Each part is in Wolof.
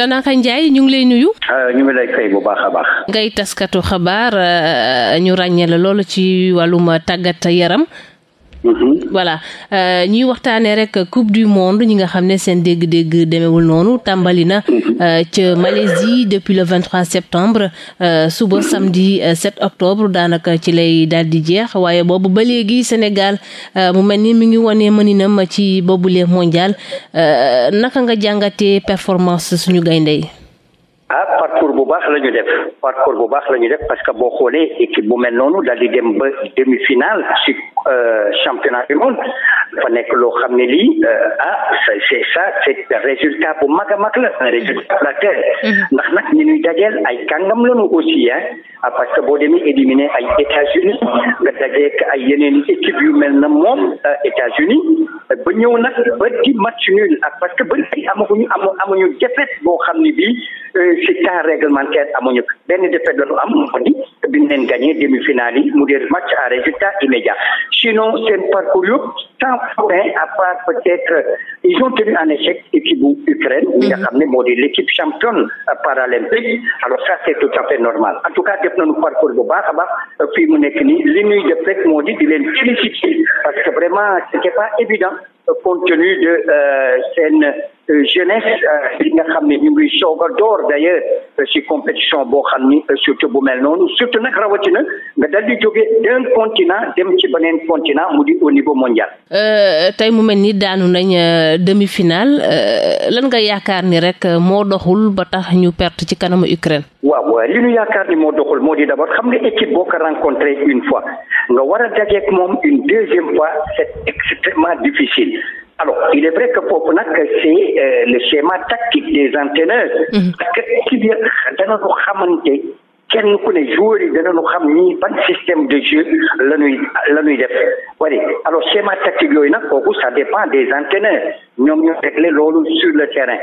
Tantakha Ndiaye ñu ngi lay nuyu. Ah, ñu ngi lay fay bu baax a baax. ngay taskatu xabaar euh, ñu ràññee la loolu ci wàllum tàggat yaram. Mhm. voilà euh, ñuy waxtaanee rek coupe du monde ñi nga xam ne seen dégg-dégg demewul noonu tàmbali na mhm. euh, ca Malaisie depuis le 23 septembre euh, suba samedi 7 octobre daanaka ci lay daal di jeex waaye boobu ba léegi Sénégal mu mel ni mu ngi wonee mëninam ci boobule mondial naka nga jàngate performance suñu gaynde yi parcours bu baax la ñu def parcours bu baax la ñu def parce que boo xoolee équipe bu mel noonu daal di dem ba demi-finale ci euh, championnat du monde dafa nekk loo xam ne lii euh, ah c'est ça c'est résultat bu mag a mag la un résultat la mm-hmm. ndax nag ñi ñuy dajeel ay kàngam lanu aussi hein ah, parce que boo demee éliminer ay États-Unis nga dajeek ay yeneen équipe yu mel na moom euh, États-Unis ba ñëw nag ba di match nul ak ah, parce que ba tey amaguñu amuñu defet boo xam ni bii Euh, si temps réglementaire amuñu benn défaite la ñu am moo di biñ leen gagné demi finale yi mu des match à résultat immédiat sinon seen parcours yëpp sans point à part ils ont tenu en échec équipe bu Ukraine mi nga moo di l'équipe championne paralympique alors ça c'est tout à fait normal en tout cas def nañu parcours bu baax a baax fii mu nekk nii li ñuy def rek moo di di leen féliciter parce que vraiment c'était pas évident compte de euh, seen jeunesse li euh, nga xam ne ñu ngi soog door d'ailleurs euh, ci compétition boo xam ni euh, surtout bu mel noonu surtout nag rawatina nga dal di jóge d'un continent dem ci beneen continent mu di au niveau mondial. tey mu mel ni daanu nañ demi-finale lan nga yaakaar ni rek moo doxul ba tax ñu perte ci kanamu Ukraine. waaw li ñu yaakaar ni moo doxul moo di d'abord xam nga équipe boo ko rencontré une fois nga war a dajeek moom une deuxième fois c'est extrêmement difficile. Alors, il est vrai que foofu nag c'est euh, le schéma tactique des entraîneurs. Mhm. parce que ci biir dana ko xamante kenn ku ne joueurs yi dana ñu xam ni ban système de jeu la ñuy la ñuy def. wala alors schéma tactique yooyu nag kooku ça dépend des entraîneurs. ñoom ñoo réglé loolu sur le terrain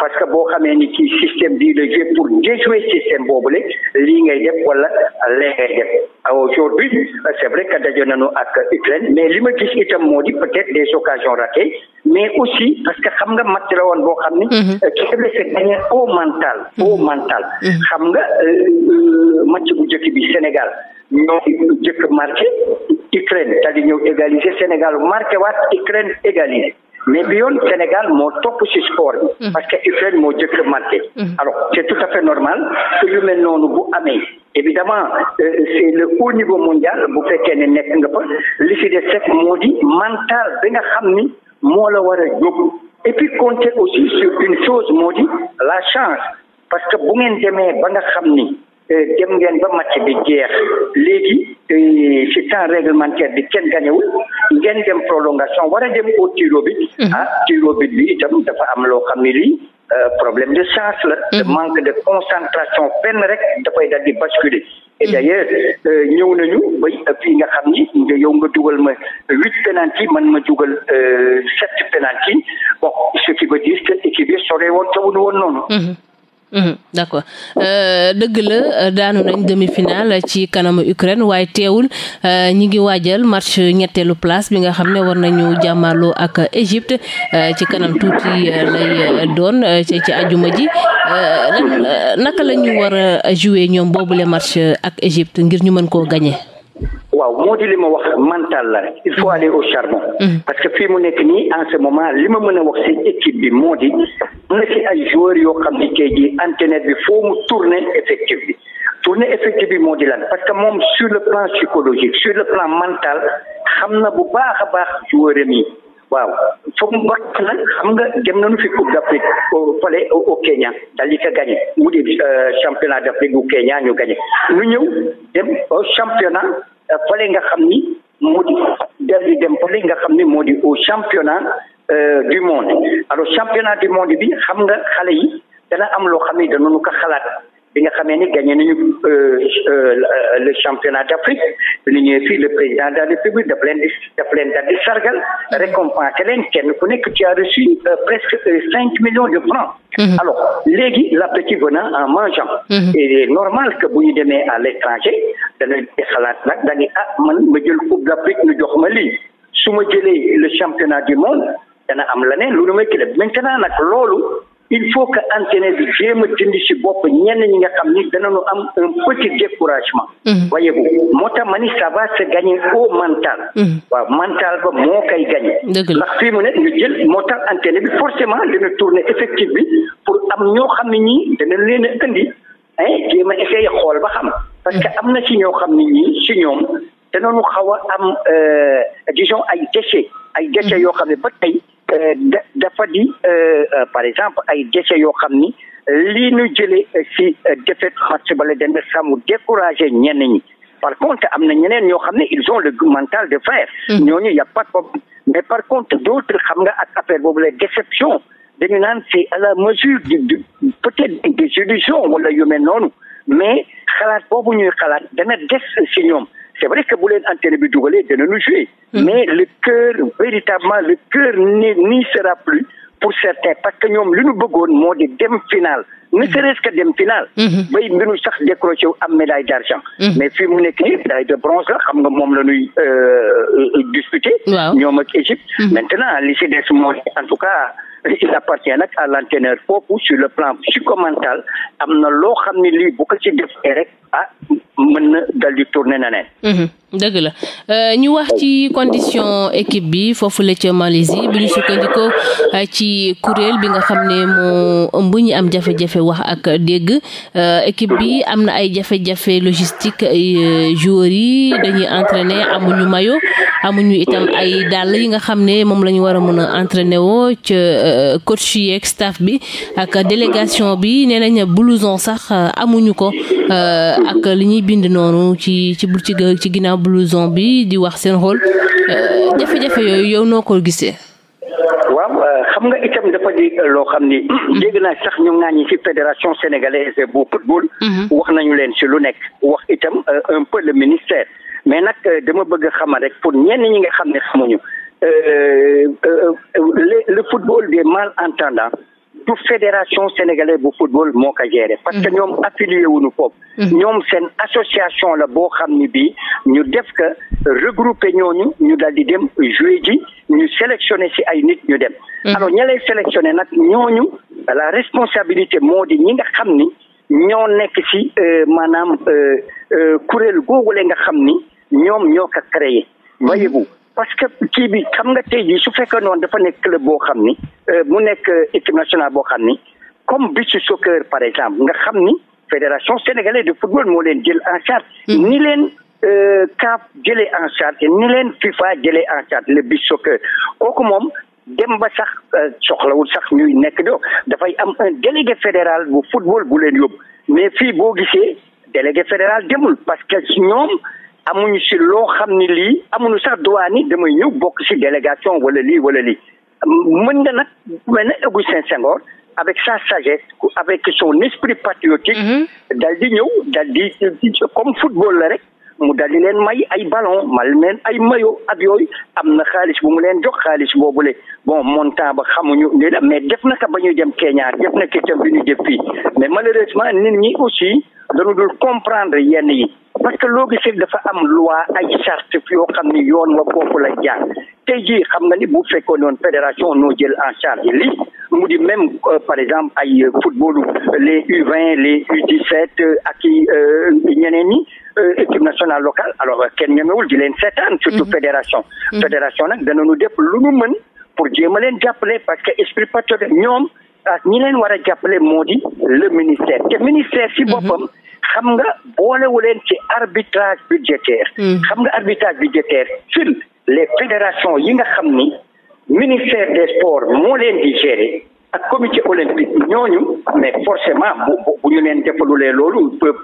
parce que boo xamee ni kii système bii la jeu pour déjouer système boobule lii ngay def wala lee ngay def ah, aujourd'hui c'est vrai que daje nañu ak Ukraine mais li ma gis itam moo di peut-être des occasions ratées mais aussi parce que xam nga match la woon boo xam ni Kébé c'est gagné au mental mhm. au mental mhm. xam nga euh, euh, match bu njëkk bi Sénégal ñoo jëkk marqué Ukraine c'est-à-dire ñëw égaliser Sénégal marqué waat Ukraine égaliser mais bi yoon Sénégal moo topp ci sport mhm. parce que Ukraine moo jëkk a marqué mhm. alors c'est tout à fait normal que yu mel noonu bu amee évidemment euh, c'est le haut niveau mondial bu fekkee ne nekk nga fa li ci des rek moo di mental bi nga xam ni moo la war a jóg et puis compter aussi sur une chose moo di la chance parce que bu ngeen demee ba nga xam ni dem ngeen ba match bi jeex léegi ci temps réglementaire bi kenn gañewul ngeen dem prolongation war a dem au tir au but mhm. ah tir au bi itam dafa am loo xam ne lii euh, problème de chance la de mhm. manque de concentration benn rek dafay dal di basculer et mhm. d'ailleurs euh, ñëw nañu ba euh, fii nga xam ni nga yow nga dugal ma huit penalty man ma dugal sept penalty bon ce qui veut dire que équipe bi sore woon tawunu woon noonu Mhm, d' accord euh, dëgg la daanu nañ demi-finale ci kanamu Ukraine waaye teewul euh, ñi ngi waajal match ñetteelu place bi nga xam ne war nañu jàmmaloo ak Égypte euh, ci kanam tuuti lay doon ci ci ajuma ji naka lañu ñu war a jouer ñoom boobule match ak Égypte ngir ñu mën koo gañee waaw moo di li ma wax mental la rek il faut mm-hmm. aller au charbon. Mm-hmm. parce que fii mu nekk nii en ce moment li ma mën a wax si équipe bi moo di na si ay joueurs yoo xam ni tey jii antenne bi foo mu tourné effectif bi tourné effectif bi moo di la parce que moom sur le plan psychologique sur le plan mental xam na bu baax a baax joueurs yi. waaw foog mu xam nga dem nañu fi coupe d'Afrique au fale au Kenya daal di ko gagné mu di euh, championnat d'Afrique bu Kenya ñu gagné ñu ñëw dem au championnat euh, fale nga xam ni moo di dal di dem fale nga xam ni moo di au championnat euh, du monde alors championnat du monde bi xam nga xale yi dana am loo xam ni danañu ko xalaat bi nga xamee ni gagné nañu euh, le championnat d'Afrique bi ñu ñëwee le président de la République daf leen di daf leen sargal récompensé leen kenn ku nekk ci a reçu euh, presque euh, cinq millions de francs mm-hmm. alors léegi l'appétit venant en mangeant mm-hmm. et normal que bu ñu demee à l'étranger danañ di xalaat nag dañu ah man ma jël coupe d'Afrique ñu jox ma lii su ma jëlee le championnat du monde dana am leneen lu nu may kilé maintenant nag loolu il faut que antenne bi jéem a dindi ci bopp ñenn ñi nga xam ni danañu am un petit découragement. waaye mhm. bu moo tax ma ni ça va se gagner au mhm. waaw mental ba moo koy gagner. ndax fii mu ne ñu jël moo tax antenne bi forcément dana tourner effectif bi pour am ñoo xam ne ñii dana leen a indi ah jéem a essayer xool ba xam. parce que mhm. am na ci ñoo xam ne ñii si ñoom danañu xaw a am euh, disons ay déchets ay déchets yoo xam ne ba tey. Euh, dafa di euh, euh, par exemple ay déchets yoo xam ni lii ñu jëlee si défaite match bala dana samu découragé ñenn ñi par contre am na ñeneen ñoo xam ne ils ont le mental de fer ñooñu y a pas de problème mais par contre d'autres xam nga ak affaire boobu la déception dañu naan si à la mesure du du peut-être des illusions wala yu mel noonu mais xalaat boobu ñuy xalaat dana des si ñoom c'est vrai que bu leen antenne bi dugalee danañu jouer mm. mais le cœur véritablement le cœur n'y sera plus pour certains parce que ñoom li ñu bëggoon moo di dem final ne mm-hmm. serait-ce que dem final mm-hmm. bay mbiru sax décroché wu am médaille d'argent mm-hmm. mais fii mu nekk nii médaille de bronze la xam nga moom la ñuy euh, euh, disputer ñoom ak Égypte maintenant li ci des moo en tout cas il appartient nag à l'entraîneur foofu sur le plan psychomental am na loo xam ni lii bu ko mën na dal di tourner na neen mm-hmm. dëgg la euh, ñu wax ci condition équipe bi foofu la ca Malaisie bi ñu sukkandikoo euh, ci kuréel bi nga xam ne moo ëmb ñi am jafe-jafe wax ak dégg euh, équipe bi am na ay jafe-jafe logistique joueurs yi dañuy entraîner amuñu mayo amuñu itam ay dàll yi nga xam ne moom la ñu war a mën a entraîner woo ca coach yi ak staff bi ak délégation bi nee nañ blouson sax amuñu ko ak li ñuy bind noonu ci ci ci ginnaaw. blouson bi di wax seen rôle euh, jafe-jafe yooyu yow noo ko gisee. waaw euh, xam nga itam dafa di loo xam ni léegi mm-hmm. naa sax ñu ŋaañi ci fédération sénégalaise bu football. Mm-hmm. wax nañu leen si lu nekk wax itam euh, un peu ministère mais nag dama bëgg xamal rek pour ñenn ñi nga xam ne xamuñu le football mal malentendants du fédération sénégalaise bu football moo ko géré. parce que mhm. ñoom affilié wuñu foofu. Mhm. ñoom seen association la boo xam ni bii ñu def ko regroupé ñooñu ñu daal di dem joué ji ñu sélectionné ci ay nit ñu dem. Mhm. alors ña lay sélectionné nag ñooñu la responsabilité moo di ñi nga xam ni ñoo nekk ci euh, maanaam euh, euh, kuréel googu la nga xam ni ñoom ñoo ko créé. voyez parce que kii bi xam nga tey jii su fekkee noonu dafa nekk club boo xam ni euh, mu nekk équipe nationale boo xam ni comme bi ci soccer par exemple nga xam ni fédération sénégalaise de football moo leen jël en charge. Hmm. ni leen euh, CAF jëlee en charge ni leen FIFA jëlee en charge le bi soccer kooku moom. dem ba sax euh, soxlawul sax ñuy nekk do dafay am un délégué fédéral bu football bu leen yóbbu mais fii boo gisee délégué fédéral demul parce que ñoom amuñu si loo xam ni lii amuñu sax droit ni damay ñëw bokk si délégation wala lii wala lii mën nga nag mel na Augustin Senghor avec sa sagesse avec son esprit patriotique mhm. dal di ñëw dal comme football la rek mu dal di leen may ay ballon mal men ay mayo ak yooyu am na xaalis bu mu leen jox xaalis boobule bon montant ba xamuñu li la mais def na ka ba ñuy dem Kenya def na ka bi ñu def fii mais malheureusement nit ñi aussi dañu dul comprendre yenn yi parce que loo gisee dafa am loi ay charte yoo xam ni yoon wa foofu la jaar tey jii xam nga ni bu fekkoon noonu fédération noo jël en charge li mu di même euh, par exemple ay euh, footballu les U20 les U17 euh, ak i ñeneen ñi équipe nationale locale alors kenn ñemewul di leen seetaan surtout mm-hmm. fédération mm-hmm. fédération nag danañu def lu ñu mën pour jéem a leen jàppale parce que esprit ñoom ak ñi war a jàppale moo di le ministère te ministère si mm-hmm. boppam xam nga boolewu leen ci arbitrage budgétaire. Hmm. xam nga arbitrage budgétaire sur les fédérations yi nga xam ni ministère des sports moo leen di gérer ak comité olympique ñooñu mais forcément bu bu ñu leen defalulee loolu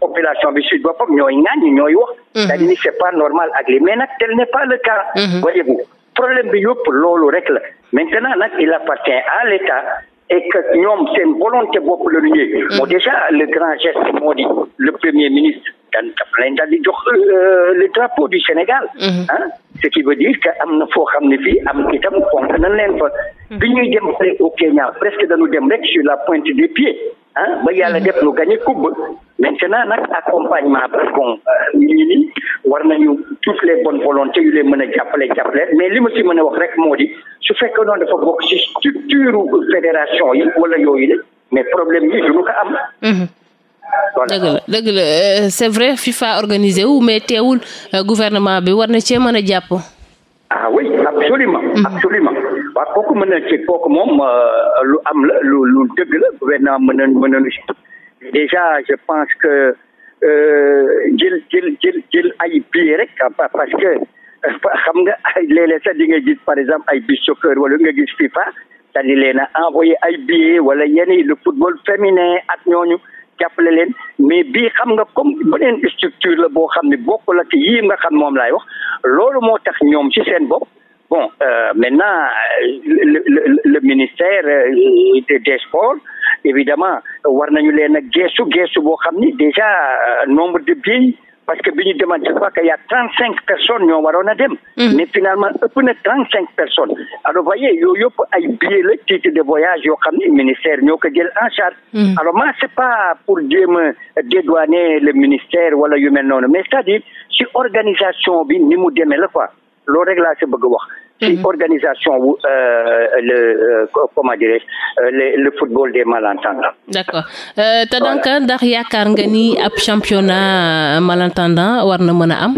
population bi suite boppam ñooy ŋàññ ñooy wax. c'est-à-dire hmm. ni c'est pas normal ak li mais nag tel n'est pas le cas. Hmm. voyez-vous problème bi yopp loolu rek la maintenant nag il appartient à l'État et que ñoom seen volonté bopp la ñu bon mm-hmm. déjà le grand geste moo di le premier ministre daan daf lañ daal di jox euh, le drapeau du Sénégal. ah ce qui veut dire que am na foo xam ne fii am itam fonk nañ leen fa. Mm-hmm. bi ñuy dem rek au Kenya presque dañu dem rek sur la pointe des pieds ah ba yàlla def lu gagné coupe maintenant nag accompagnement ba bon euh, nii nii war nañu toutes les bonnes volontés yu leen mën a jàppale jàppale mais li ma ci mën a wax rek moo di su fekkee noonu dafa bokk ci structure fédération yi wala yooyu la mais problème yi duñu ko am. Mhm. dëgg la dëgg la euh, c'est vrai FIFA organisé wu mais teewul euh, gouvernement bi war na cee mën a jàpp. ah oui absolument mhm. absolument waaw kooku mën na ci kooku moom euh, lu am la lu lu dëgg la gouvernement mën na mën nañu déjà je pense que. Euh, jël jël jël jël ay billet rek ah, parce que euh, xam nga ay léeg-léeg sax nga gis par exemple ay bis soccer wala nga gis FIFA dañu leen a envoyé ay billets wala yenn le football féminin ak ñooñu jàppale leen mais bii xam nga comme beneen structure la boo xam ne bokkul ak yii nga xam moom laay wax loolu moo tax ñoom si seen bopp bon euh, maintenant le le le ministère des sports. évidemment war nañu leen a geestu geestu boo xam ni déjà euh, nombre de billets parce que bi ñu demande pa crois y a trente cinq personnes ñoo waroon a dem mm-hmm. mais finalement ëpp na trente cinq personnes alors voyez yooyu yëpp ay billets la titre de voyage yoo xam ni ministère ñoo ko jël en charge mm-hmm. alors man c'est pas pour jéem a dédouaner le ministère wala yu mel noonu mais c'est-à-dire si organisation bi ni mu demee la quoi loolu rek laa si bëgg wax ci mhm. organisation wu euh, le euh, comment dirais je euh, le football des malentendants. d'accord Tandanka ndax yaakaar nga ni ab championnat malentendant war na mën a am.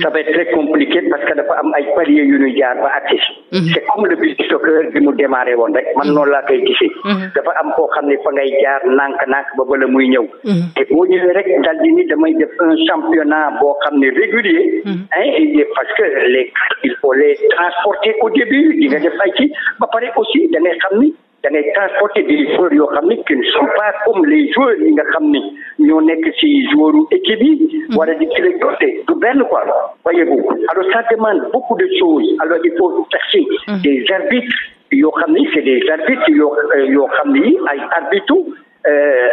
ça va être très compliqué parce que dafa am ay paliers yu ñuy jaar ba agsi si mhm. c'est comme le bus du soccer bi mu démarré woon rek man mhm. noonu laa koy gisee mhm. dafa am koo xam ne fa ngay jaar nànk-nànk ba bala muy ñëw te boo ñëwee rek dal di ni damay def un championnat boo xam ne régulier hein parce que les il faut les transporter au début di def ay ci ba pare aussi da xam ni da ngay transporter des joueurs yoo xam ne qui ne sont pas comme les joueurs yi nga xam ne ñoo nekk ci joueur équipe yi. Mm-hmm. wala di ci la dote du benn quoi. voyez-vous alors ça demande beaucoup de choses alors il faut chercher mm-hmm. des arbitres yoo xam ne c'est des arbitres yoo euh, yoo xam ne ay arbitre euh,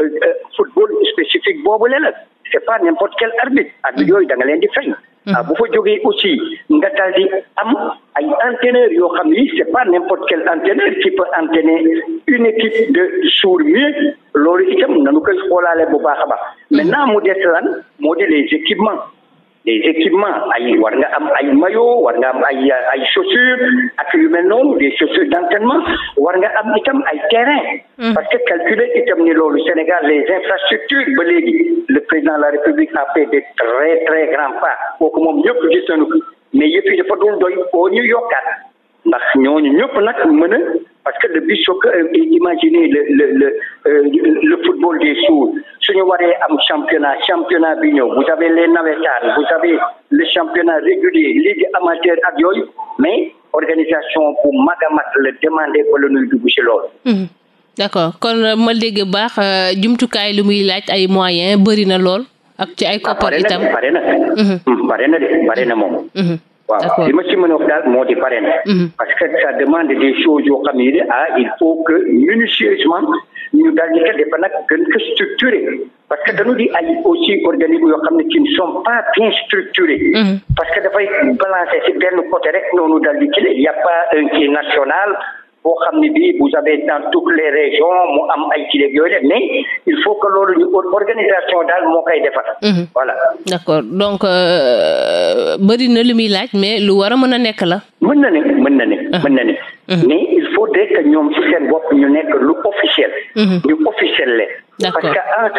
euh, football spécifique boobu la la c'est pas n'importe quel arbitre. arbitre mm-hmm. yooyu da nga leen di fay. Ah, bu fa jógee aussi nga daal di am ay entraîneurs yoo xam ni c'est pas n'importe quel entraîneur qui peut entraîner une équipe de sourds-muets loolu itam nanu koy xoolaale bu baax a baax mm-hmm. maintenant mu des lan moo di les équipements des équipements ay war nga am ay maillot war nga am ay ay chaussures ak yu mel noonu des chaussures war nga am itam ay terrain mm. parce que calculer itam ni loolu Sénégal les infrastructures ba léegi le président de la République a fait des très très grands pas kooku moom yëpp gis nañu mais yëpp yi dafa dul doy koo ñu yokkaat ndax ñooñu ñëpp nag mën a parce que le but c'est que euh, imaginer le le le euh, le football des sourds suñu waree am championnat championnat bi ñëw vous avez le navétanes vous avez le championnat régulier ligue amateur ak yooyu mais organisation bu mag a mag la demander ba la ñuy dugg ci loolu. d'accord kon euh, ma dégg baax jumtukaay lu muy laaj ay moyens bëri na lool. ak ci ay ah, koppar itam pare na pare na de pare na moom. waaw li ma ci mën a wax daal moo di parrain mhm. parce que ça demande des choses yoo xam ne ah il faut que minutieusement ñu daal di ko defa nag gën ko structuré parce que dañu di ay aussi organisme yoo xam ne qui ne sont pas bien structurés mhm. parce que dafay balancer ci benn côté rek noonu daal di kii il y a pas un qui national boo xam ne bii vous avez dans toutes les régions mu am ay kileeg yooyu def mais il faut que loolu ñu organisation daal moo koy defar mhm. voilà d'accord donc euh, bëri lu muy laaj mais lu war a mën a nekk la mën na ne mën na ne ah. mën na ne mhm. mais il faudrait que ñoom ci seen bopp ñu nekk lu officiel mhm. ñu officiel le parce